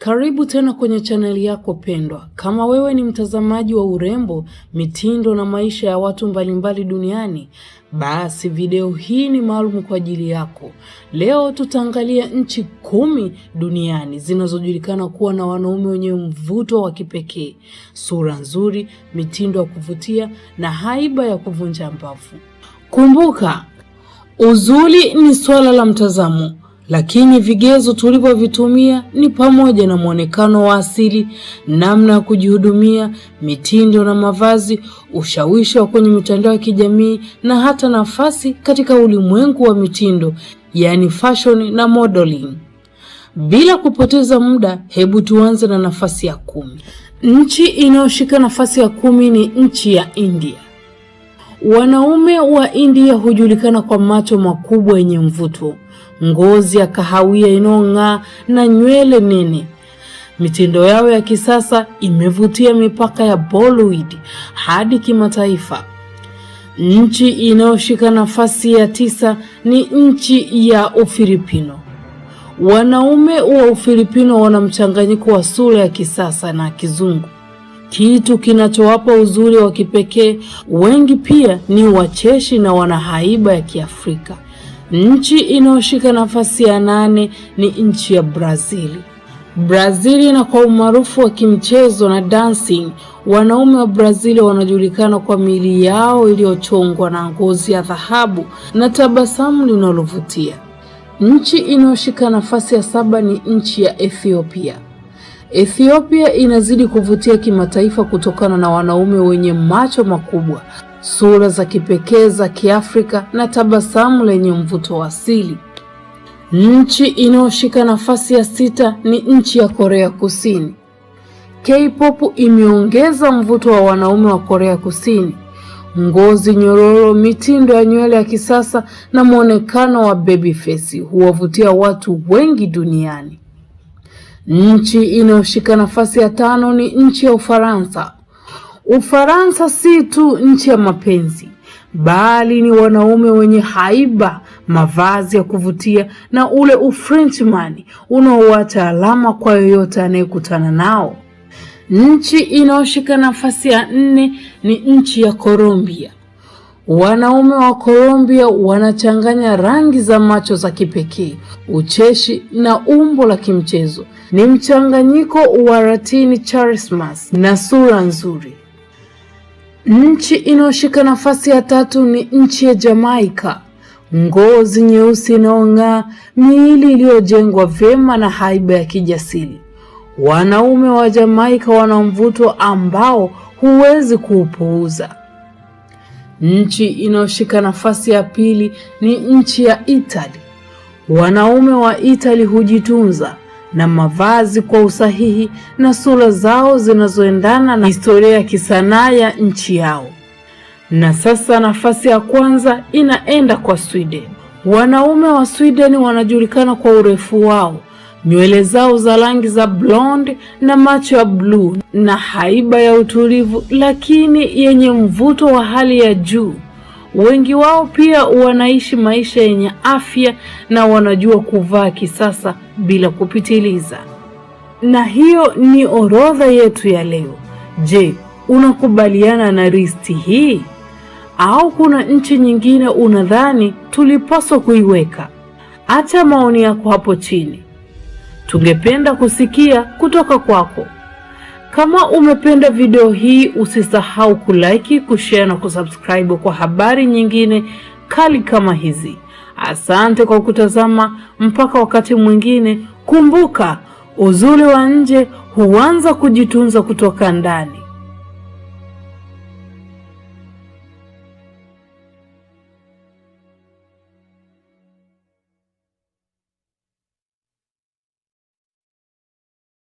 Karibu tena kwenye chaneli yako pendwa. Kama wewe ni mtazamaji wa urembo, mitindo na maisha ya watu mbalimbali duniani, basi video hii ni maalum kwa ajili yako. Leo tutaangalia nchi kumi duniani zinazojulikana kuwa na wanaume wenye mvuto wa kipekee, sura nzuri, mitindo ya kuvutia na haiba ya kuvunja mbavu. Kumbuka, uzuri ni swala la mtazamo lakini vigezo tulivyovitumia ni pamoja na mwonekano wa asili, namna ya kujihudumia, mitindo na mavazi, ushawishi wa kwenye mitandao ya kijamii na hata nafasi katika ulimwengu wa mitindo, yaani fashion na modeling. Bila kupoteza muda, hebu tuanze na nafasi ya kumi. Nchi inayoshika nafasi ya kumi ni nchi ya India. Wanaume wa India hujulikana kwa macho makubwa yenye mvuto, ngozi ya kahawia inayong'aa na nywele nene. Mitindo yao ya kisasa imevutia mipaka ya Bollywood hadi kimataifa. Nchi inayoshika nafasi ya tisa ni nchi ya Ufilipino. Wanaume wa Ufilipino wana mchanganyiko wa sura ya kisasa na kizungu kitu kinachowapa uzuri wa kipekee, wengi pia ni wacheshi na wana haiba ya Kiafrika. Nchi inayoshika nafasi ya nane ni nchi ya Brazil. Brazil na kwa umaarufu wa kimchezo na dancing. Wanaume wa Brazil wanajulikana kwa miili yao iliyochongwa na ngozi ya dhahabu na tabasamu linalovutia. Nchi inayoshika nafasi ya saba ni nchi ya Ethiopia. Ethiopia inazidi kuvutia kimataifa kutokana na wanaume wenye macho makubwa, sura za kipekee za Kiafrika na tabasamu lenye mvuto wa asili. Nchi inayoshika nafasi ya sita ni nchi ya Korea Kusini. K-pop imeongeza mvuto wa wanaume wa Korea Kusini. Ngozi nyororo, mitindo ya nywele ya kisasa na mwonekano wa baby face huwavutia watu wengi duniani. Nchi inayoshika nafasi ya tano ni nchi ya Ufaransa. Ufaransa si tu nchi ya mapenzi, bali ni wanaume wenye haiba, mavazi ya kuvutia na ule Ufrenchman unaoacha alama kwa yoyote anayekutana nao. Nchi inayoshika nafasi ya nne ni nchi ya Colombia. Wanaume wa Colombia wanachanganya rangi za macho za kipekee, ucheshi na umbo la kimchezo. Ni mchanganyiko wa ratini charismas na sura nzuri. Nchi inayoshika nafasi ya tatu ni nchi ya Jamaika. Ngozi nyeusi inayong'aa, miili iliyojengwa vyema na haiba ya kijasiri. Wanaume wa Jamaika wana mvuto ambao huwezi kuupuuza. Nchi inayoshika nafasi ya pili ni nchi ya Itali. Wanaume wa Itali hujitunza na mavazi kwa usahihi na sura zao zinazoendana na historia ya kisanaa ya nchi yao. Na sasa nafasi ya kwanza inaenda kwa Sweden. Wanaume wa Sweden wanajulikana kwa urefu wao nywele zao za rangi za blonde na macho ya bluu na haiba ya utulivu, lakini yenye mvuto wa hali ya juu. Wengi wao pia wanaishi maisha yenye afya na wanajua kuvaa kisasa bila kupitiliza. Na hiyo ni orodha yetu ya leo. Je, unakubaliana na listi hii au kuna nchi nyingine unadhani tulipaswa kuiweka? Acha maoni yako hapo chini. Tungependa kusikia kutoka kwako. Kama umependa video hii, usisahau kulike, kushare na kusubscribe kwa habari nyingine kali kama hizi. Asante kwa kutazama, mpaka wakati mwingine. Kumbuka, uzuri wa nje huanza kujitunza kutoka ndani.